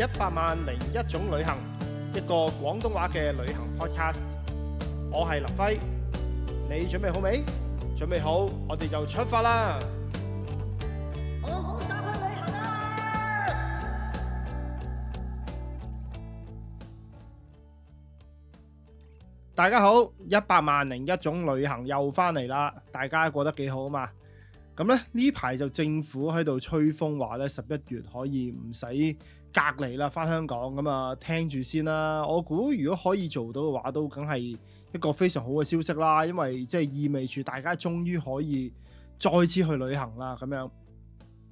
一百萬零一種旅行，一個廣東話嘅旅行 podcast。我係林輝，你準備好未？準備好，我哋就出發啦！我好想去旅行啊！大家好，一百萬零一種旅行又翻嚟啦！大家過得幾好啊嘛？咁咧呢排就政府喺度吹風，話咧十一月可以唔使隔離啦，翻香港咁啊，聽住先啦。我估如果可以做到嘅話，都梗係一個非常好嘅消息啦，因為即係意味住大家終於可以再次去旅行啦。咁樣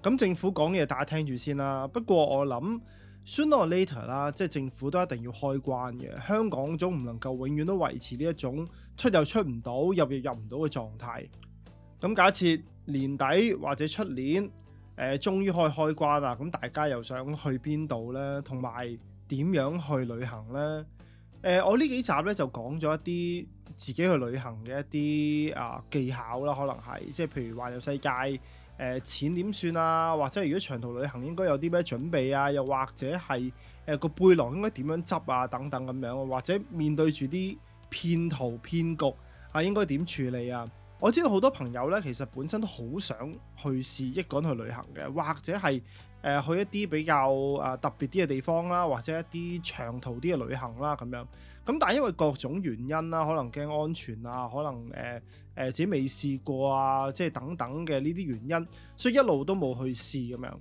咁政府講嘢，大家聽住先啦。不過我諗，sooner or later 啦，即係政府都一定要開關嘅。香港總唔能夠永遠都維持呢一種出又出唔到、入又入唔到嘅狀態。咁假設，年底或者出年，誒終於可以開關啦！咁大家又想去邊度呢？同埋點樣去旅行呢？誒、呃，我呢幾集咧就講咗一啲自己去旅行嘅一啲啊、呃、技巧啦，可能係即係譬如環遊世界，誒、呃、錢點算啊？或者如果長途旅行應該有啲咩準備啊？又或者係誒個背囊應該點樣執啊？等等咁樣，或者面對住啲騙徒騙局啊，應該點處理啊？我知道好多朋友咧，其實本身都好想去試，一個人去旅行嘅，或者係誒、呃、去一啲比較啊特別啲嘅地方啦，或者一啲長途啲嘅旅行啦咁樣。咁但係因為各種原因啦，可能驚安全啊，可能誒誒、呃呃、自己未試過啊，即係等等嘅呢啲原因，所以一路都冇去試咁樣。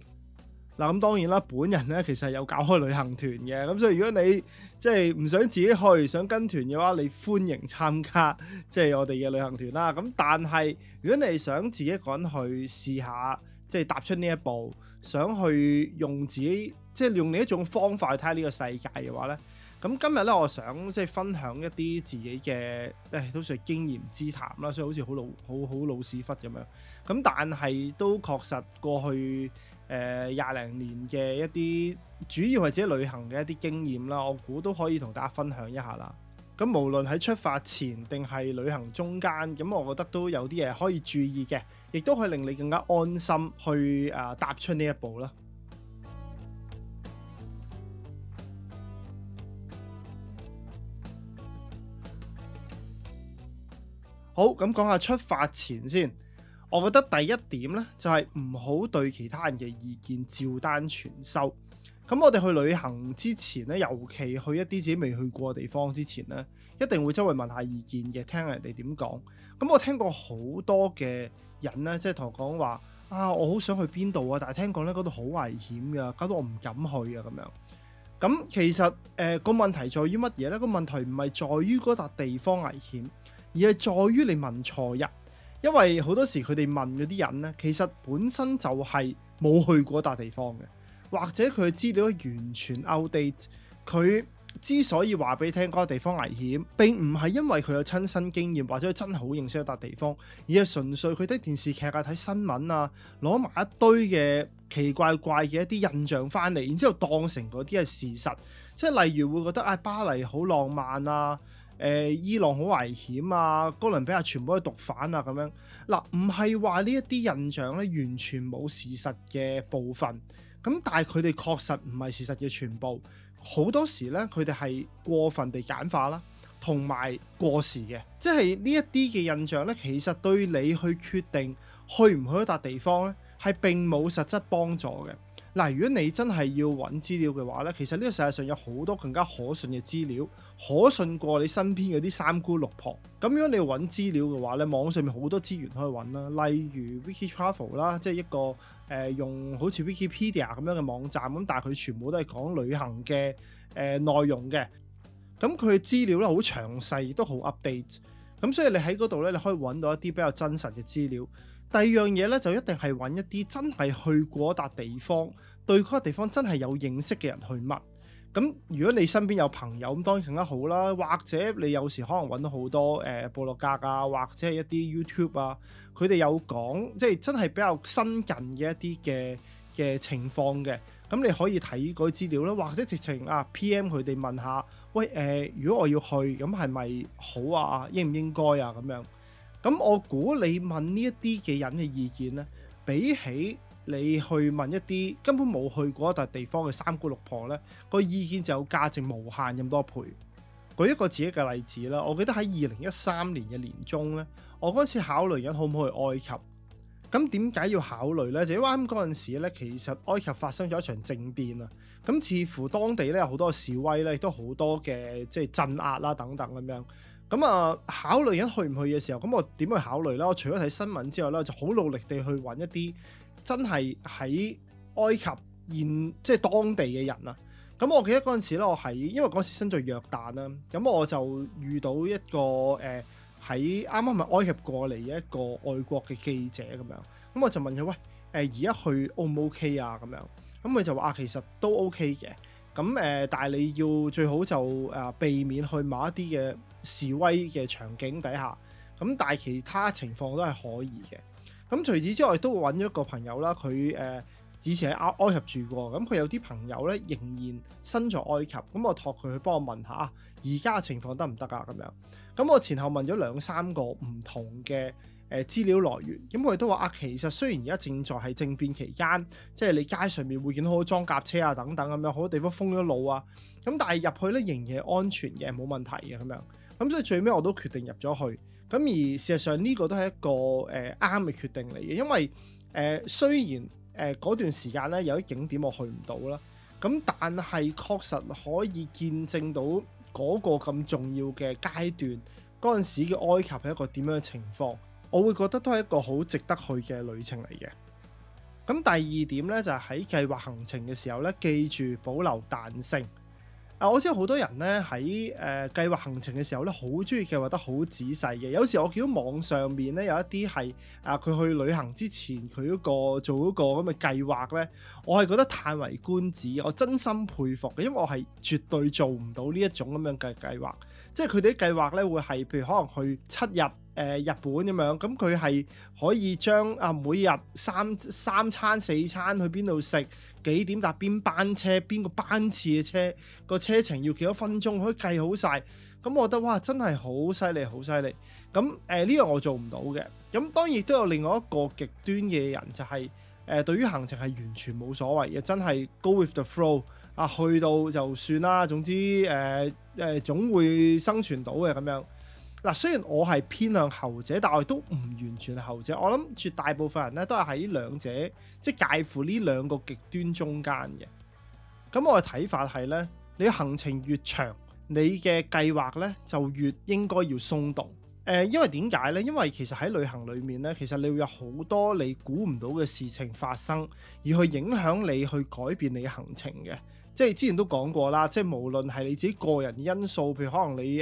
嗱，咁當然啦，本人咧其實有搞開旅行團嘅，咁、嗯、所以如果你即係唔想自己去，想跟團嘅話，你歡迎參加即係我哋嘅旅行團啦。咁、嗯、但係如果你係想自己趕去試下，即係踏出呢一步，想去用自己即係用另一種方法去睇下呢個世界嘅話咧，咁、嗯、今日咧我想即係分享一啲自己嘅誒，都算經驗之談啦。所以好似好老好好老屎忽咁樣，咁、嗯、但係都確實過去。誒廿零年嘅一啲主要或者旅行嘅一啲經驗啦，我估都可以同大家分享一下啦。咁無論喺出發前定係旅行中間，咁我覺得都有啲嘢可以注意嘅，亦都可以令你更加安心去啊、呃、踏出呢一步啦。好，咁講下出發前先。我覺得第一點咧，就係唔好對其他人嘅意見照單全收。咁我哋去旅行之前咧，尤其去一啲自己未去過嘅地方之前咧，一定會周圍問下意見嘅，聽下人哋點講。咁我聽過好多嘅人咧，即係同我講話啊，我好想去邊度啊，但係聽講咧嗰度好危險噶、啊，搞到我唔敢去啊咁樣。咁其實誒個、呃、問題在於乜嘢咧？個問題唔係在於嗰笪地方危險，而係在於你問錯人。因為好多時佢哋問嗰啲人呢，其實本身就係冇去過嗰笪地方嘅，或者佢資料完全 outdate。佢之所以話俾你聽嗰個地方危險，並唔係因為佢有親身經驗，或者佢真係好認識嗰笪地方，而係純粹佢睇電視劇啊、睇新聞啊，攞埋一堆嘅奇怪怪嘅一啲印象翻嚟，然之後當成嗰啲係事實。即係例如會覺得啊、哎，巴黎好浪漫啊。誒、呃，伊朗好危險啊！哥倫比亞全部都毒販啊，咁樣。嗱，唔係話呢一啲印象咧，完全冇事實嘅部分咁，但係佢哋確實唔係事實嘅全部，好多時咧，佢哋係過分地簡化啦，同埋過時嘅，即係呢一啲嘅印象咧，其實對你去決定去唔去一笪地方咧，係並冇實質幫助嘅。嗱，如果你真係要揾資料嘅話呢，其實呢個世界上有好多更加可信嘅資料，可信過你身邊嗰啲三姑六婆。咁如果你要揾資料嘅話呢，網上面好多資源可以揾啦，例如 WikiTravel 啦，即係一個誒、呃、用好似 Wikipedia 咁樣嘅網站，咁但係佢全部都係講旅行嘅誒、呃、內容嘅。咁佢資料呢，好詳細，亦都好 update。咁所以你喺嗰度呢，你可以揾到一啲比較真實嘅資料。第二樣嘢咧，就一定係揾一啲真係去過一笪地方，對嗰個地方真係有認識嘅人去問。咁、嗯、如果你身邊有朋友，咁當然更加好啦。或者你有時可能揾到好多誒部落格啊，或者係一啲 YouTube 啊，佢哋有講即係真係比較新近嘅一啲嘅嘅情況嘅。咁、嗯、你可以睇嗰啲資料啦，或者直情啊 PM 佢哋問下，喂誒、呃，如果我要去，咁係咪好啊？應唔應該啊？咁樣。咁我估你問呢一啲嘅人嘅意見咧，比起你去問一啲根本冇去過一笪地方嘅三姑六婆咧，個意見就有價值無限咁多倍。舉一個自己嘅例子啦，我記得喺二零一三年嘅年中咧，我嗰次考慮緊好唔好去埃及。咁點解要考慮咧？就啱嗰陣時咧，其實埃及發生咗一場政變啊。咁似乎當地咧有好多示威咧，亦都好多嘅即係鎮壓啦等等咁樣。咁啊、嗯，考慮緊去唔去嘅時候，咁、嗯、我點去考慮呢？我除咗睇新聞之外呢，就好努力地去揾一啲真係喺埃及現即係當地嘅人啊。咁、嗯、我記得嗰陣時呢，我喺因為嗰陣時身在約旦啦，咁、嗯、我就遇到一個誒喺啱啱咪埃及過嚟嘅一個外國嘅記者咁樣。咁、嗯、我就問佢：喂，誒而家去 O 唔 O K 啊？咁樣咁佢、嗯、就話啊，其實都 O K 嘅。咁、嗯、誒、呃，但係你要最好就誒、呃、避免去某一啲嘅示威嘅場景底下，咁但係其他情況都係可以嘅。咁除此之外，都會揾咗個朋友啦，佢誒、呃、以前喺埃及住過，咁佢有啲朋友呢，仍然身在埃及，咁我託佢去幫我問下而家嘅情況得唔得啊？咁樣，咁我前後問咗兩三個唔同嘅誒資料來源，咁佢都話啊，其實雖然而家正在係政變期間，即係你街上面會見到好多裝甲車啊等等咁樣，好多地方封咗路啊，咁但係入去呢，仍然係安全嘅，冇問題嘅咁樣。咁、嗯、所以最尾我都決定入咗去，咁而事實上呢個都係一個誒啱嘅決定嚟嘅，因為誒、呃、雖然誒嗰、呃、段時間咧有啲景點我去唔到啦，咁但係確實可以見證到嗰個咁重要嘅階段嗰陣時嘅埃及係一個點樣嘅情況，我會覺得都係一個好值得去嘅旅程嚟嘅。咁、嗯、第二點咧就係、是、喺計劃行程嘅時候咧，記住保留彈性。啊！我知道好多人咧喺誒計劃行程嘅時候咧，好中意計劃得好仔細嘅。有時我見到網上面咧有一啲係啊，佢去旅行之前佢嗰個做嗰個咁嘅計劃咧，我係覺得歎為觀止，我真心佩服嘅，因為我係絕對做唔到呢一種咁樣嘅計劃。即係佢哋啲計劃咧會係譬如可能去七日日本咁樣，咁佢係可以將啊每日三三餐四餐去邊度食，幾點搭邊班車，邊個班次嘅車，個車程要幾多分鐘，可以計好晒。咁我覺得哇，真係好犀利，好犀利。咁誒呢樣我做唔到嘅。咁當然都有另外一個極端嘅人、就係，就係誒對於行程係完全冇所謂嘅，真係 go with the flow。啊去到就算啦，總之誒誒、呃、總會生存到嘅咁樣。嗱，雖然我係偏向後者，但我都唔完全係後者。我諗絕大部分人咧都係喺呢兩者，即係介乎呢兩個極端中間嘅。咁我嘅睇法係呢：你行程越長，你嘅計劃呢就越應該要鬆動。誒、呃，因為點解呢？因為其實喺旅行裡面呢，其實你會有好多你估唔到嘅事情發生，而去影響你去改變你行程嘅。即係之前都講過啦，即係無論係你自己個人因素，譬如可能你誒唔、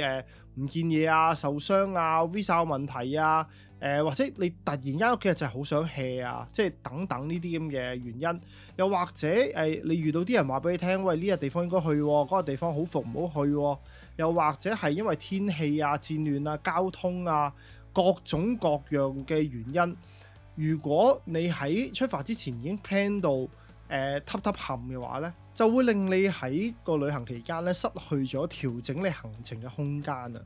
呃、見嘢啊、受傷啊、visa 問題啊，誒、呃、或者你突然間屋企人就係好想 hea 啊，即係等等呢啲咁嘅原因，又或者誒、呃、你遇到啲人話俾你聽，喂呢、呢個地方應該去啊，嗰、嗰個地方好服唔好去啊，又或者係因為天氣啊、戰亂啊、交通啊各種各樣嘅原因，如果你喺出發之前已經 plan 到誒凸凸冚嘅話呢，就會令你喺個旅行期間咧失去咗調整你行程嘅空間啊！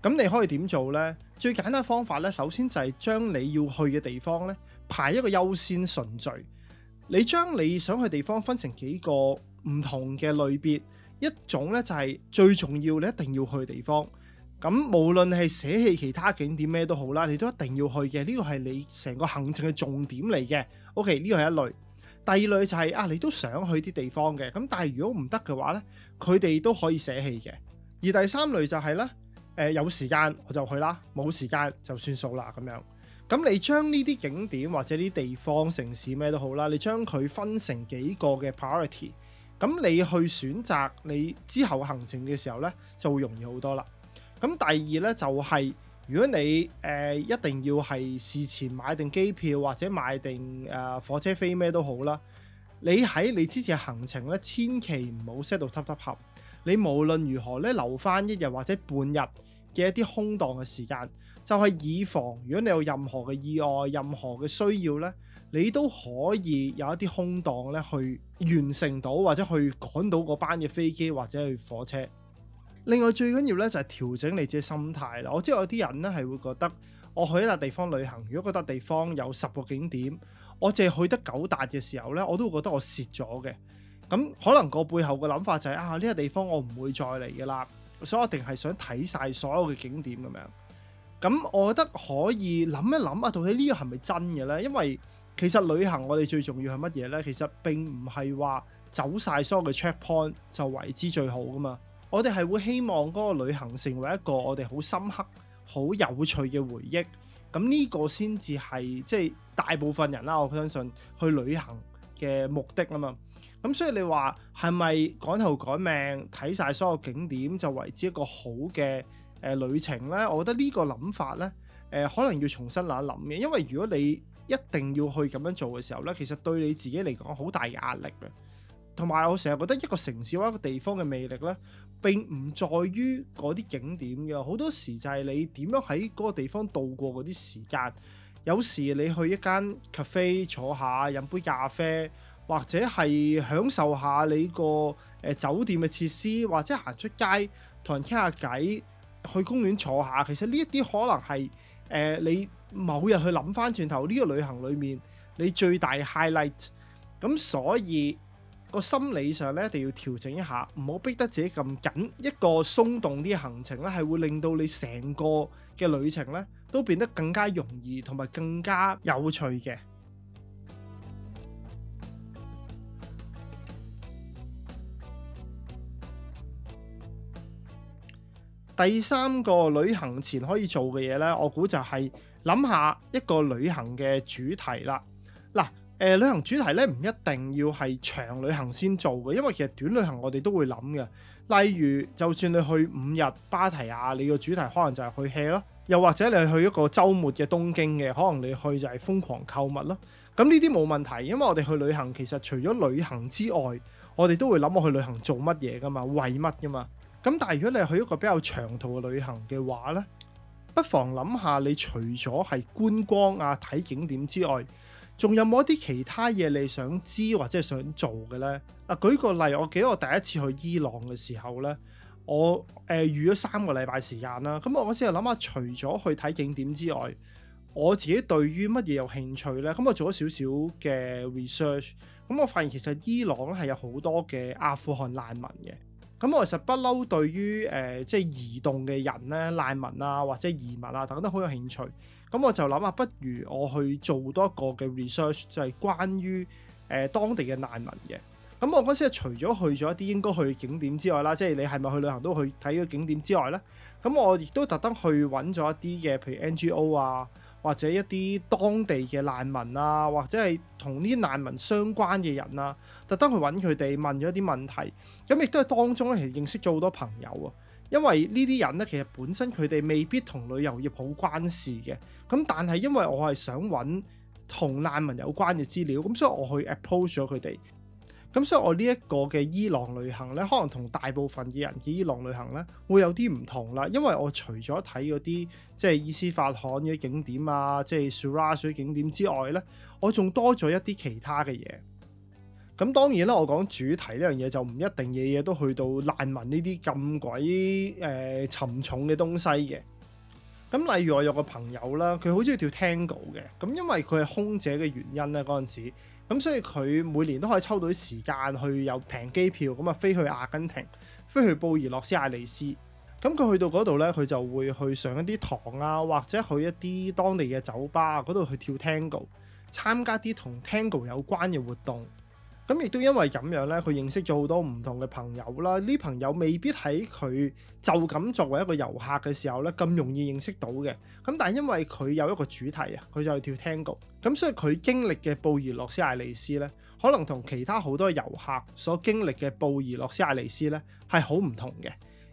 咁你可以點做呢？最簡單方法咧，首先就係將你要去嘅地方咧排一個優先順序。你將你想去地方分成幾個唔同嘅類別，一種咧就係最重要你一定要去嘅地方。咁無論係捨棄其他景點咩都好啦，你都一定要去嘅。呢個係你成個行程嘅重點嚟嘅。OK，呢個係一類。第二類就係、是、啊，你都想去啲地方嘅，咁但係如果唔得嘅話呢，佢哋都可以捨棄嘅。而第三類就係、是、呢，誒、呃、有時間我就去啦，冇時間就算數啦咁樣。咁、嗯、你將呢啲景點或者呢啲地方、城市咩都好啦，你將佢分成幾個嘅 priority，咁、嗯、你去選擇你之後行程嘅時候呢，就會容易好多啦。咁、嗯、第二呢，就係、是。如果你誒、呃、一定要係事前買定機票或者買定誒、呃、火車飛咩都好啦，你喺你之前行程咧，千祈唔好 set 到塔塔冚。你無論如何咧，留翻一日或者半日嘅一啲空檔嘅時間，就係以，以防如果你有任何嘅意外、任何嘅需要咧，你都可以有一啲空檔咧去完成到或者去趕到嗰班嘅飛機或者去火車。另外最緊要咧就係調整你自己心態啦。我知道有啲人咧係會覺得我去一笪地方旅行，如果嗰笪地方有十個景點，我淨係去得九笪嘅時候咧，我都會覺得我蝕咗嘅。咁可能個背後嘅諗法就係啊，呢個地方我唔會再嚟噶啦，所以我一定係想睇晒所有嘅景點咁樣。咁我覺得可以諗一諗啊，到底呢個係咪真嘅咧？因為其實旅行我哋最重要係乜嘢咧？其實並唔係話走晒所有嘅 check point 就為之最好噶嘛。我哋係會希望嗰個旅行成為一個我哋好深刻、好有趣嘅回憶，咁呢個先至係即係大部分人啦，我相信去旅行嘅目的啊嘛。咁所以你話係咪趕頭趕命，睇晒所有景點，就為之一個好嘅誒、呃、旅程呢？我覺得呢個諗法呢，誒、呃、可能要重新諗一諗嘅，因為如果你一定要去咁樣做嘅時候呢，其實對你自己嚟講好大嘅壓力嘅。同埋，我成日覺得一個城市或者一個地方嘅魅力呢，並唔在於嗰啲景點嘅，好多時就係你點樣喺嗰個地方度過嗰啲時間。有時你去一間 cafe 坐下，飲杯咖啡，或者係享受下你個誒酒店嘅設施，或者行出街同人傾下偈，去公園坐下。其實呢一啲可能係誒、呃、你某日去諗返轉頭呢個旅行裏面你最大 highlight。咁所以。個心理上咧，一定要調整一下，唔好逼得自己咁緊。一個鬆動啲行程咧，係會令到你成個嘅旅程咧，都變得更加容易同埋更加有趣嘅。第三個旅行前可以做嘅嘢咧，我估就係諗下一個旅行嘅主題啦。嗱。誒、呃、旅行主題咧唔一定要係長旅行先做嘅，因為其實短旅行我哋都會諗嘅。例如，就算你去五日芭提亞，你個主題可能就係去 hea 咯；又或者你去一個週末嘅東京嘅，可能你去就係瘋狂購物咯。咁呢啲冇問題，因為我哋去旅行其實除咗旅行之外，我哋都會諗我去旅行做乜嘢噶嘛，為乜噶嘛。咁但係如果你去一個比較長途嘅旅行嘅話咧，不妨諗下，你除咗係觀光啊睇景點之外。仲有冇一啲其他嘢你想知或者想做嘅呢？啊，舉個例，我記得我第一次去伊朗嘅時候呢，我誒預咗三個禮拜時間啦。咁我嗰陣就諗下，除咗去睇景點之外，我自己對於乜嘢有興趣呢？咁我做咗少少嘅 research，咁我發現其實伊朗咧係有好多嘅阿富汗難民嘅。咁我其實不嬲對於誒、呃、即係移動嘅人咧，難民啊，或者移民啊，等等都好有興趣。咁我就諗下，不如我去做多一個嘅 research，就係關於誒、呃、當地嘅難民嘅。咁我嗰時除咗去咗一啲應該去嘅景點之外啦，即係你係咪去旅行都去睇嗰景點之外咧？咁我亦都特登去揾咗一啲嘅，譬如 NGO 啊，或者一啲當地嘅難民啊，或者係同呢啲難民相關嘅人啊，特登去揾佢哋問咗一啲問題。咁亦都係當中咧，其實認識咗好多朋友啊。因為呢啲人咧，其實本身佢哋未必同旅遊業好關事嘅。咁但係因為我係想揾同難民有關嘅資料，咁所以我去 approach 咗佢哋。咁、嗯、所以，我呢一個嘅伊朗旅行咧，可能同大部分嘅人嘅伊朗旅行咧，會有啲唔同啦。因為我除咗睇嗰啲即係伊斯法罕嘅景點啊，即係 Shiraz 嗰啲景點之外咧，我仲多咗一啲其他嘅嘢。咁、嗯、當然啦，我講主題呢樣嘢就唔一定日日都去到難民呢啲咁鬼誒沉重嘅東西嘅。咁例如我有個朋友啦，佢好鍾意跳 tango 嘅，咁因為佢係空姐嘅原因咧，嗰陣時，咁所以佢每年都可以抽到啲時間去又平機票，咁啊飛去阿根廷，飛去布宜諾斯艾利斯，咁佢去到嗰度咧，佢就會去上一啲堂啊，或者去一啲當地嘅酒吧嗰度去跳 tango，參加啲同 tango 有關嘅活動。咁亦都因為咁樣咧，佢認識咗好多唔同嘅朋友啦。呢朋友未必喺佢就咁作為一個遊客嘅時候咧咁容易認識到嘅。咁但係因為佢有一個主題啊，佢就去跳 Tango。咁所以佢經歷嘅布宜諾斯艾利斯咧，可能同其他好多遊客所經歷嘅布宜諾斯艾利斯咧係好唔同嘅。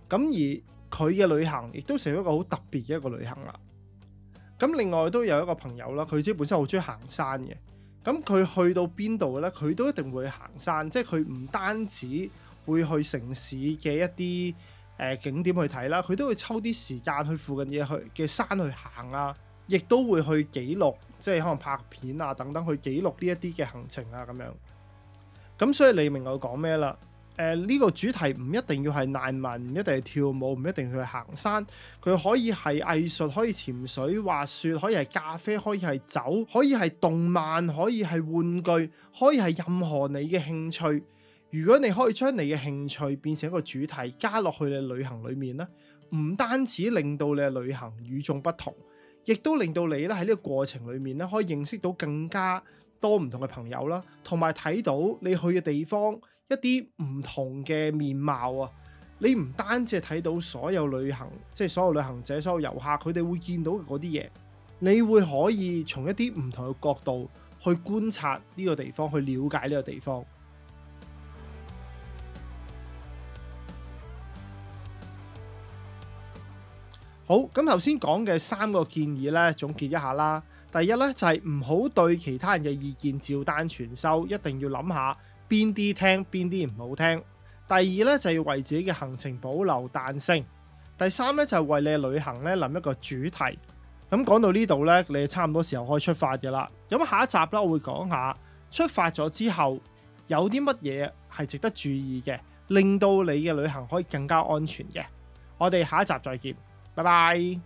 咁而佢嘅旅行亦都成為一個好特別嘅一個旅行啦。咁另外都有一個朋友啦，佢自己本身好中意行山嘅。咁佢去到邊度嘅咧？佢都一定會行山，即係佢唔單止會去城市嘅一啲誒、呃、景點去睇啦，佢都會抽啲時間去附近嘅去嘅山去行啊，亦都會去記錄，即係可能拍片啊等等去記錄呢一啲嘅行程啊咁樣。咁所以你明我講咩啦？誒，呢個主題唔一定要係難民，唔一定係跳舞，唔一定要去行山。佢可以係藝術，可以潛水、滑雪，可以係咖啡，可以係酒，可以係動漫，可以係玩具，可以係任何你嘅興趣。如果你可以將你嘅興趣變成一個主題，加落去你旅行裏面咧，唔單止令到你嘅旅行與眾不同，亦都令到你咧喺呢個過程裏面咧，可以認識到更加多唔同嘅朋友啦，同埋睇到你去嘅地方。一啲唔同嘅面貌啊！你唔單止係睇到所有旅行，即係所有旅行者、所有遊客，佢哋會見到嗰啲嘢，你會可以從一啲唔同嘅角度去觀察呢個地方，去了解呢個地方。好，咁頭先講嘅三個建議呢，總結一下啦。第一呢，就係唔好對其他人嘅意見照單全收，一定要諗下。邊啲聽，邊啲唔好聽。第二呢，就要為自己嘅行程保留彈性。第三呢，就係為你嘅旅行呢，諗一個主題。咁講到呢度呢，你差唔多時候可以出發嘅啦。咁下一集啦，我會講下出發咗之後有啲乜嘢係值得注意嘅，令到你嘅旅行可以更加安全嘅。我哋下一集再見，拜拜。